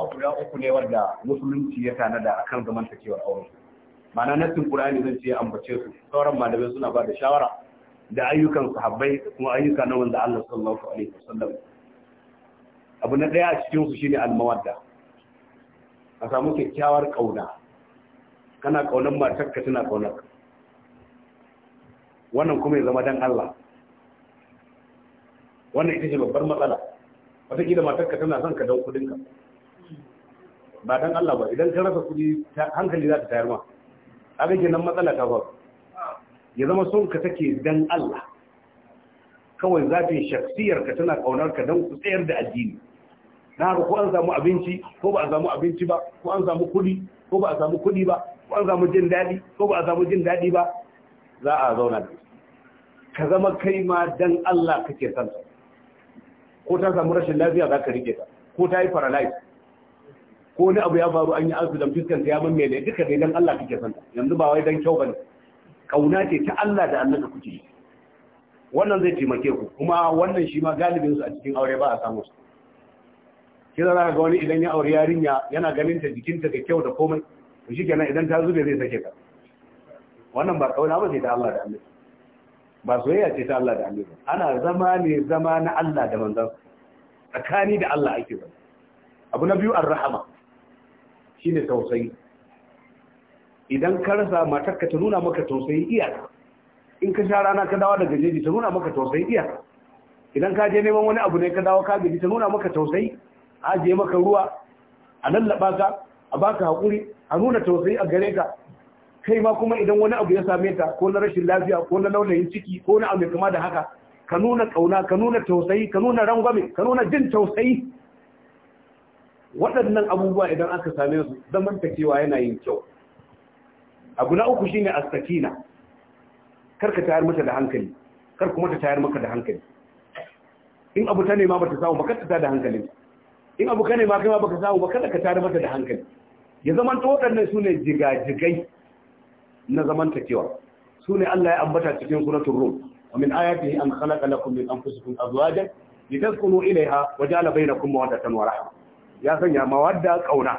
abubuwa guda uku ne wanda musulunci ya tanada akan zamantakewar aure na nassin qur'ani zan ce ambace su sauran malamai suna ba da shawara da ayyukan sahabbai kuma ayyuka na wanda Allah sallallahu alaihi wasallam abu na daya a cikin su shine almawadda a samu kyakkyawar kauna kana kaunar ka tana kaunar wannan kuma ya zama dan Allah wannan ita ce babbar matsala wataƙila ka tana son ka kudin ka ba dan Allah ba idan ka rasa kuɗi hankali za ta tayar ma a rage nan matsala ta ba ya zama son ka take dan Allah kawai zafin shaksiyar ka tana kaunar ka dan ku tsayar da addini na haka ko an samu abinci ko ba a samu abinci ba ko an samu kuɗi ko ba a samu kuɗi ba ko an samu jin daɗi ko ba a samu jin daɗi ba za a zauna da ka zama kai ma dan Allah kake son ko ta samu rashin lafiya za ka rike ta ko ta yi paralyze ko wani abu ya faru an yi azudan fiskan ta ya mammele duka dai dan Allah kike santa yanzu ba wai dan kyau bane kauna ce ta Allah da annaka kuke yi wannan zai taimake ku kuma wannan shi ma galibin su a cikin aure ba a samu su kira za ga wani idan ya aure yarinya yana ganin ta ta da kyau da komai to shikenan idan ta zube zai sake ta wannan ba kauna ba ce ta Allah da annabi ba soyayya ce ta Allah da annabi ana zama ne zama na Allah da manzon tsakani da Allah ake zama abu na biyu ar-rahama shine tausayi idan ka rasa matarka ta nuna maka tausayi iyaka in ka sha rana ka dawo daga jeji ta nuna maka tausayi iyaka idan ka je neman wani abu ne ka dawo ka gaji ta nuna maka tausayi a ajiye maka ruwa a lallaba ka a baka hakuri a nuna tausayi a gare ka kai ma kuma idan wani abu ya same ta ko na rashin lafiya ko na launayin ciki ko na abu kama da haka ka nuna kauna ka nuna tausayi ka nuna rangwame ka nuna jin tausayi waɗannan abubuwa idan aka same su zamantakewa yana yin kyau abu na uku shine astakina karka tayar mata da hankali kar kuma ta tayar maka da hankali in abu ta nema ba ta samu ba kar ta da hankali in abu ka nema kai ma baka samu ba kada ka tayar mata da hankali ya zamanta waɗannan su ne jigajigai na zamantakewa su ne Allah ya ambata cikin suratul rum wa min ayatihi an khalaqa lakum min anfusikum azwajan litaskunu ilayha wa ja'ala bainakum mawaddatan wa rahmah ya sanya mawadda kauna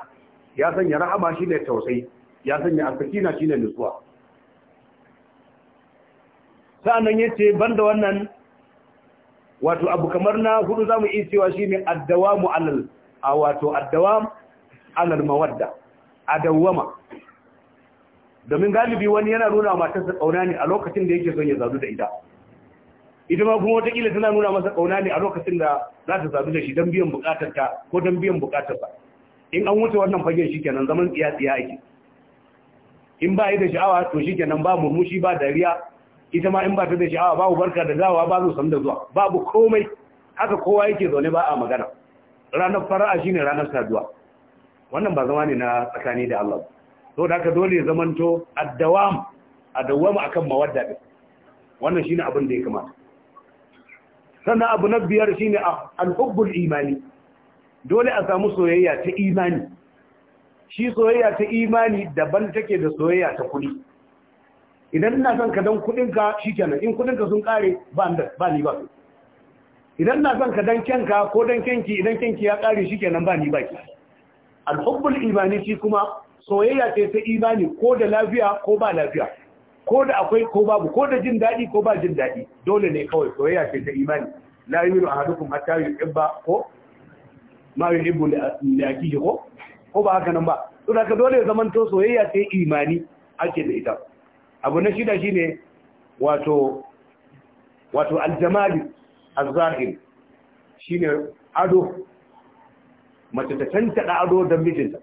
ya sanya rahama shine tausayi ya sanya asakina ne nutsuwa sa'annan ban da wannan wato abu kamar na hudu zamu iya cewa ne addawamu alal a wato addawa alal mawadda adawama domin galibi wani yana nuna matarsa kauna ne a lokacin da yake son ya zaru da ita ita ma kuma watakila tana nuna masa kauna ne a lokacin da za ta sadu da shi don biyan ta ko don biyan ba. in an wuce wannan fagen shi kenan zaman tsiya-tsiya ake in ba yi da sha'awa to shi kenan ba murmushi ba dariya ita ma in ba ta da sha'awa babu barka da dawa ba zo da zuwa babu komai haka kowa yake zaune ba a magana ranar fara'a shine ranar saduwa wannan ba zama ne na tsakani da Allah to da haka dole zamanto addawam addawam akan mawadda din wannan shine abin da ya kamata sannan abu na biyar shi ne al'ubbul imani dole a samu soyayya ta imani shi soyayya ta imani daban take da soyayya ta kuɗi idan ina son ka dan kuɗinka shikenan in kuɗinka sun kare ba ni ba idan na son ka dan kyanka ko dan kyanki idan kyanki ya kare shikenan ba ni ba ki alhubbul imani shi kuma soyayya ce ta imani ko da lafiya ko ba lafiya ko da akwai ko babu ko da jin daɗi ko ba jin daɗi dole ne kawai soyayya ce ta imani la yuminu ahadukum hatta yuhibba ko ma yuhibbu li akihi ko ko ba haka nan ba to da dole zaman to soyayya ce imani ake da ita abu na shida shine wato wato az zahir shine ado mace ta tantada ado dan mijinta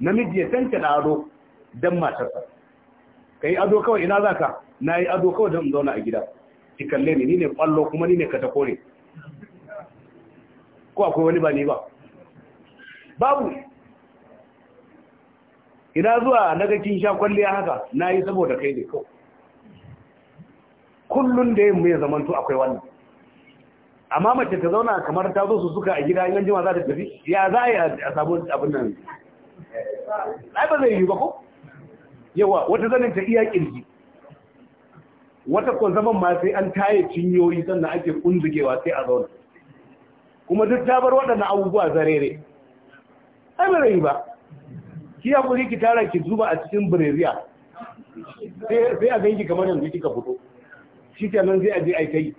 namiji ya tantada ado dan matarsa ka yi ado kawai ina za ka na yi ado kawai don zauna a gida ki kalle ni ni ne kwallo kuma ni ne katako ne ko akwai wani ba ni ba babu ina zuwa na ga kin sha kwalliya haka na yi saboda kai ne kawai kullun da yin ya zamanto akwai wannan amma mace ta zauna kamar ta zo su suka a gida yan jima za ta tafi ya za a yi a sabon abin nan ai ba zai yi ba ko yawa wata zanen ta iya kirji wata ko zaman ma sai an taye cinyoyi sannan ake kunzugewa sai a zauna kuma duk ta bar waɗannan abubuwa zarere an ba ba ki ya kuri ki tara ki zuba a cikin breziya sai a ganki kamar yanzu kika fito shi kenan sai a je ai kai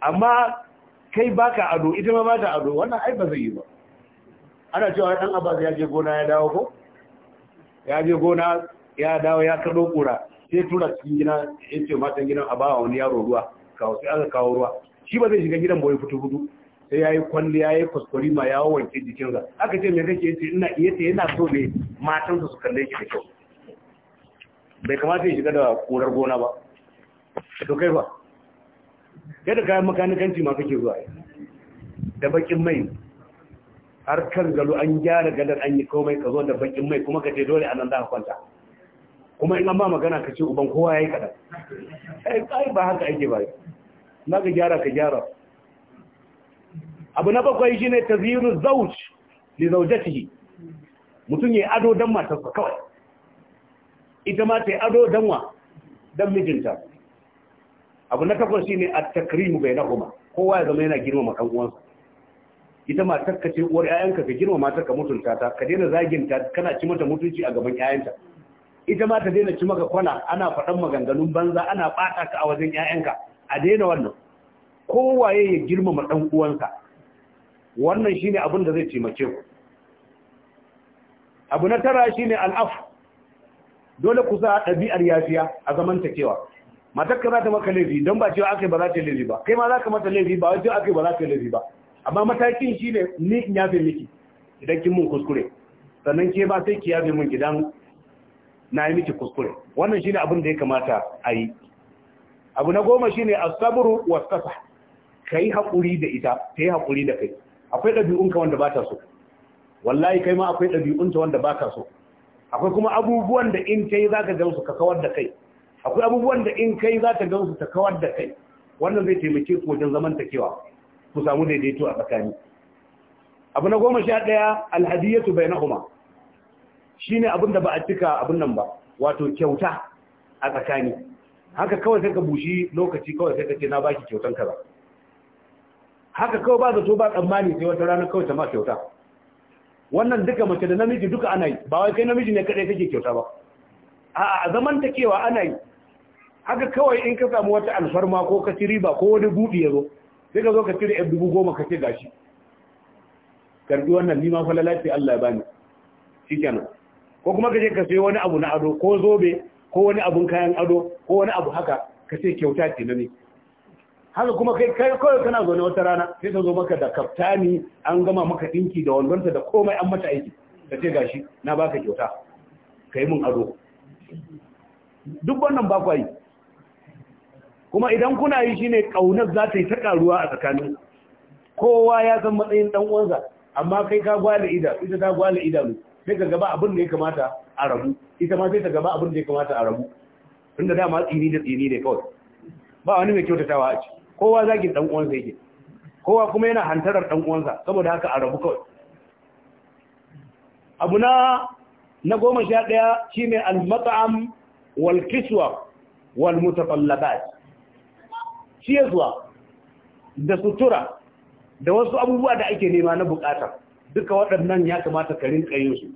amma kai baka ado ita ma bata ado wannan ai ba zai yi ba ana cewa dan Abba ya je gona ya dawo ko ya je gona ya dawo ya kado ƙura sai tura cikin gina ya ce matan gidan a bawa wani yaro ruwa kawo sai aka kawo ruwa shi ba zai shiga gidan boye fito hudu sai ya yi kwalli ya yi kwaskwari ma ya wanke jikinsa aka ce mai kake yace ina iya ta yana so ne matansa su kalle shi da kyau bai kamata ya shiga da ƙurar gona ba to kai ba yadda kayan makanikanci ma kake zuwa da bakin mai har kan galo an gyara gadar an yi komai ka zo da bakin mai kuma ka ce dole a nan za ka kwanta kuma in an ba magana ka ce uban kowa ya yi kaɗan ai ba haka ake ba na ga gyara ka gyara abu na bakwai shi ne ta ziru zauj li zaujatihi mutum ya ado don matarsa kawai ita ma ta yi ado don wa don mijinta abu na takwas shi ne a takrimu bai na kuma kowa ya zama yana girmama kan uwansa ita ma takkace uwar 'ya'yanka ka girmama matar ka mutunta ta ka daina zaginta kana ci mata mutunci a gaban 'ya'yanta ita ma ta daina ci maka kwana ana faɗan maganganun banza ana ɓata ka a wajen 'ya'yanka a daina wannan kowaye ya girmama ɗan uwansa wannan shine abin da zai taimake ku abu na tara shine al'af dole ku sa ɗabi'ar yafiya a zamantakewa matar ka za ta maka laifi don ba cewa aka yi ba za ta laifi ba kai ma za ka mata laifi ba wajen aka yi ba za ta laifi ba amma matakin shi ne ni yafe miki idan kin mun kuskure sannan ke ba sai ki yafe mun gidan na yi miki kuskure wannan shine abin da ya kamata a yi abu na goma shine was-safa kai hakuri da ita ta yi hakuri da kai akwai ka wanda ba ta so wallahi kai ma akwai ta wanda ba ka so akwai kuma abubuwan da in kai zaka ga gansu ka kawar da kai akwai abubuwan da in kai zaka ga gansu ta kawar da kai wannan zai taimake ku wajen kewa. ku samu daidaito a tsakani abu na goma sha ɗaya al bai bainahuma Shi ne abin da ba a cika abin nan ba wato kyauta a tsakani haka kawai sai ka bushi lokaci kawai sai ka ce na baki kyautan ka ba. haka kawai ba zato ba tsammani sai wata rana kawai ta ma kyauta wannan duka mace da namiji duka ana yi ba wai kai namiji ne kadai kake kyauta ba a zaman kewa ana yi haka kawai in ka samu wata alfarma ko ka ci riba ko wani buɗi ya zo sai ka zo ka cire yan dubu goma ka ce gashi karbi wannan nima fa lalace Allah ya bani shikenan ko kuma ka je ka sayo wani abu na ado ko zobe ko wani abun kayan ado ko wani abu haka ka sai kyauta ce ne haka kuma kai kai kawai kana zaune wata rana sai ta zo maka da kaftani an gama maka dinki da wandonta da komai an mata aiki ka ce gashi na baka kyauta kai mun ado duk wannan ba kwai kuma idan kuna yi shine kaunar za ta yi ta karuwa a tsakanin kowa ya san matsayin dan uwansa amma kai ka gwala ida ita ta ida idanu sai ga gaba abin da ya kamata a rabu ita ma sai ta gaba abin da ya kamata a rabu da dama tsini da tsini ne kawai ba wani mai kyautatawa a ci kowa zagin dan uwansa yake kowa kuma yana hantarar dan uwansa saboda haka a rabu kawai abu na goma sha ɗaya ne al-mat'am wal kiswa wal mutafallabat da sutura da wasu abubuwa da ake nema na bukata duka waɗannan ya kamata ka rinka yin su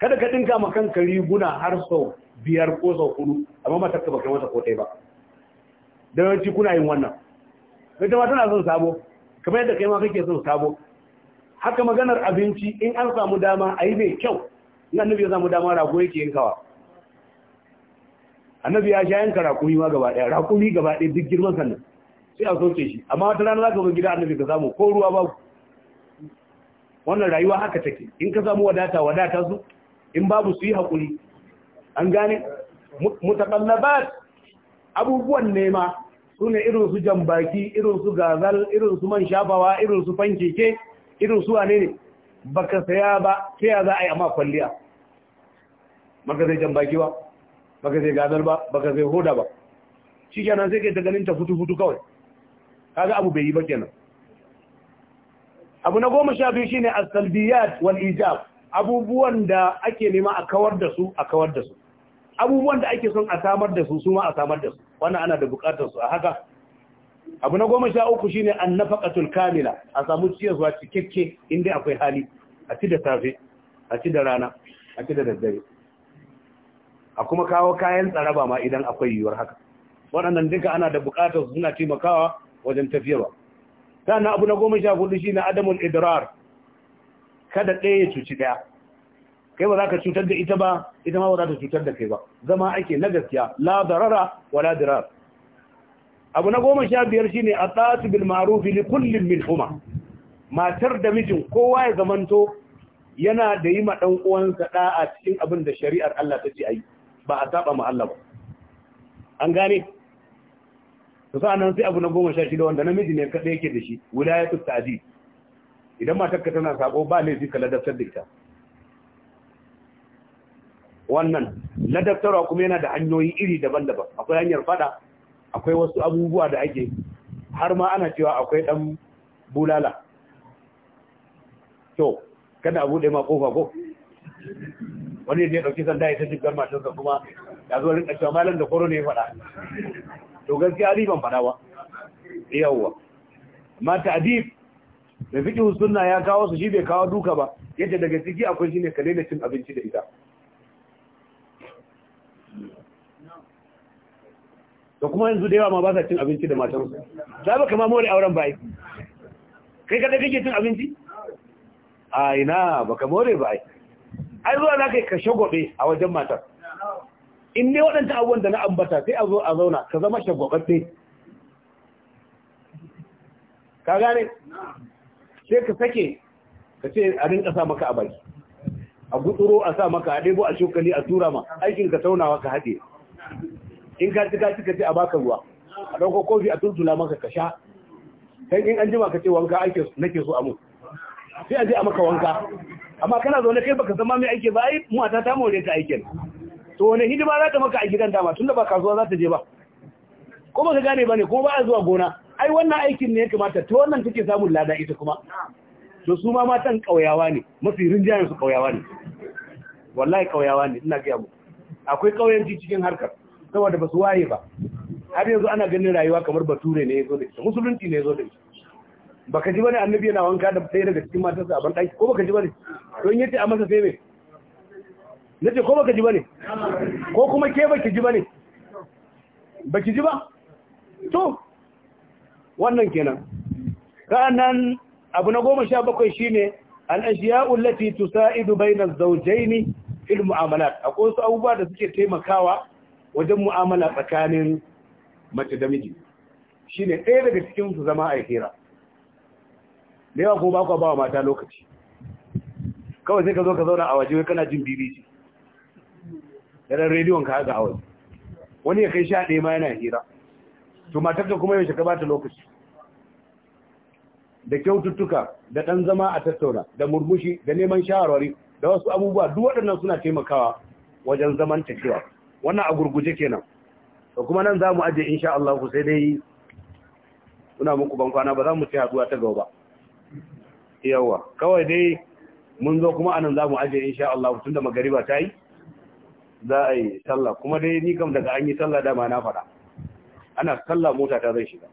kada ka dinka ma kanka riguna har sau biyar ko sau hudu amma matar ka baka mata ko ɗaya ba da yawanci kuna yin wannan kai ta tana son sabo kamar yadda kai ma kake son sabo haka maganar abinci in an samu dama a yi mai kyau in annabi ya samu dama rago yake yankawa annabi ya sha yanka rakumi ma gaba ɗaya rakumi gaba ɗaya duk girman sannan sai a soke shi amma wata rana za ka zo gida annabi ka samu ko ruwa babu wannan rayuwa haka take in ka samu wadata wadata su in babu su yi haƙuri an gane mutaƙallabat abubuwan nema su ne irin su jambaki irin su gazal irin su man shafawa irin su fankeke irin su wane ne baka saya ba sai ya za a yi amma kwalliya baka zai jambaki ba baka zai gazal ba baka zai hoda ba shi kenan sai kai ta ganin ta futu-futu kawai kaga abu bai yi ba kenan abu na goma sha biyu shine as-salbiyat wal ijab abubuwan da ake nema a kawar da su a kawar da su abubuwan da ake son a samar da su su ma a samar da su wannan ana da bukatar su a haka abu na goma sha uku shine annafaqatul kamila a samu ciyarwa cikakke inda akwai hali a ci da safe a ci da rana a ci da daddare a kuma kawo kayan tsaraba ma idan akwai yiwuwar haka waɗannan duka ana da bukatar su suna taimakawa wajen tafiyarwa sannan abu na goma sha hudu shi na adamun idrar kada ɗaya ya cuci ɗaya kai ba za ka cutar da ita ba ita ma ba za ta cutar da kai ba zama ake na gaskiya la darara wa la dirar abu na goma sha biyar shine a tsatsu bil ma'rufi li kullum min huma matar da mijin kowa ya zamanto yana da yi ma ɗan uwansa a cikin abin da shari'ar Allah ta ce a yi ba a saba ma Allah ba an gane to sa'annan sai abu na goma sha shida wanda namiji ne kaɗai yake da shi wilayatul ta'di idan ka tana sako ba ne ka ladabtar da ita wannan ladabtarwa kuma yana da hanyoyi iri daban-daban akwai hanyar fada akwai wasu abubuwa da ake har ma ana cewa akwai dan bulala to kada abu da ma kofa ko wani ne ya dauki sanda ya ta jibgar matarsa kuma ya zo rinka cewa malam da koro ne ya fada to gaskiya ni ban fada ba yawwa amma ta'dib da fiqh sunna ya kawo su shi bai kawo duka ba yadda daga ciki akwai shine ka daina cin abinci da ita To kuma yanzu da yawa ma ba sa cin abinci da matansu za ba kama more auren ba kai kada kake cin abinci a ina ba ka more ba ai zuwa za ka kashe gobe a wajen matar in ne waɗanda abubuwan da na ambata sai a zo a zauna ka zama shagwababbe ka gane sai ka sake ka ce a rinka sa maka a baki a gutsuro a sa maka a ɗebo a shokali a tura ma aikin ka taunawa ka haɗe in ka ci ka ci ka ce a baka ruwa a ɗauko kofi a tuntula maka ka sha kan in an jima ka ce wanka ake nake so a mu sai a je a maka wanka amma kana zaune kai baka zama mai aiki ba ai mu a ta tamo ne ka aikin to wani hidima za ta maka a ba dama da ba kasuwa za ta je ba ko ba ka gane ba ne ko ba a zuwa gona ai wannan aikin ne ya kamata ta wannan take samun lada ita kuma to su ma matan ƙauyawa ne mafi rinjaya su ƙauyawa ne wallahi ƙauyawa ne ina gaya mu akwai ƙauyanci cikin harkar saboda ba su waye ba har yanzu ana ganin rayuwa kamar bature ne ya zo da ita musulunci ne ya zo da ita baka ji bane annabi yana wanka da sai daga cikin matarsa a banɗaki ko baka ji bane to in yace a masa sai me na ce ko baka ji ba ne ko kuma ke baki ji ba ne baki ji ba to wannan kenan nan abu na goma sha bakwai shine al'ashiya ulati tusa'idu bainar zaujaini fil mu'amalat akwai su abubuwa da suke taimakawa wajen mu'amala tsakanin mace da miji shine ɗaya daga cikin su zama a hira da yawa kuma ba ku ba wa mata lokaci kawai sai ka zo ka zauna a waje kana jin bibiji. da rediyon ka haka awai wani ya kai sha ɗaya ma yana hira to matar kuma yaushe ka bata lokaci da kyaututtuka da ɗan zama a tattauna da murmushi da neman shawarwari da wasu abubuwa duk waɗannan suna taimakawa wajen zaman tafiya wannan a gurguje kenan to kuma nan za mu aje insha Allah ku sai dai muna muku ban kwana ba za mu ci haduwa ta gaba yawa kawai dai mun zo kuma anan za mu aje insha Allah tunda magariba ta yi za a yi sallah kuma dai ni kam daga an yi sallah dama na faɗa ana sallah mota ta zai shiga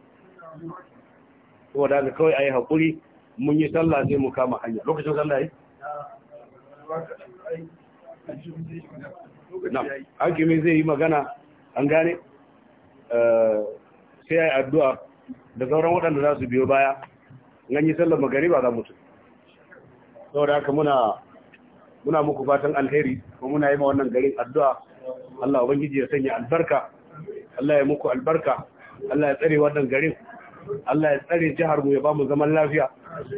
saboda da kawai a yi haƙuri mun yi sallah sai mu kama hanya lokacin sallah yi na hakimi zai yi magana an gane eh, sai a yi addu'a da sauran waɗanda za su biyo baya an yi magari ba za mutu sau da aka muna muna muku fatan alheri kuma muna yi ma wannan garin addu'a Allah ubangiji ya sanya albarka Allah ya muku albarka Allah ya tsare wannan garin Allah ya tsare jihar mu ya ba mu zaman lafiya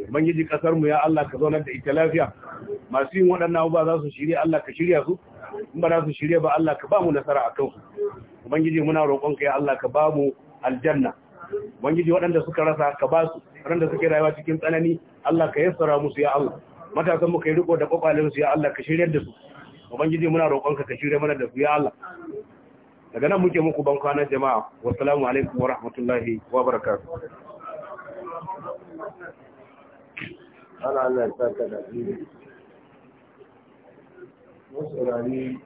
ubangiji kasar mu ya Allah ka zaunar da ita lafiya masu yin waɗannan abubuwa za su shirya Allah ka shirya su in ba za su shirya ba Allah ka ba mu nasara a kansu ubangiji muna roƙonka ya Allah ka ba mu aljanna ubangiji waɗanda suka rasa ka ba su waɗanda suke rayuwa cikin tsanani Allah ka yassara musu ya Allah matasan mu kai riko da kwakwalen ya Allah ka shirya da su ubangiji muna roƙonka ka shirya mana da su ya Allah daga nan muke muku ban kwana jama'a wassalamu alaikum wa rahmatullahi wa barakatuh ana Allah ta ka da ni musulani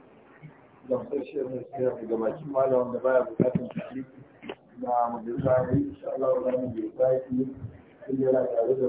da fashe mun sai daga bakin malam da baya bukatun tafi da majalisa insha Allah wannan bai sai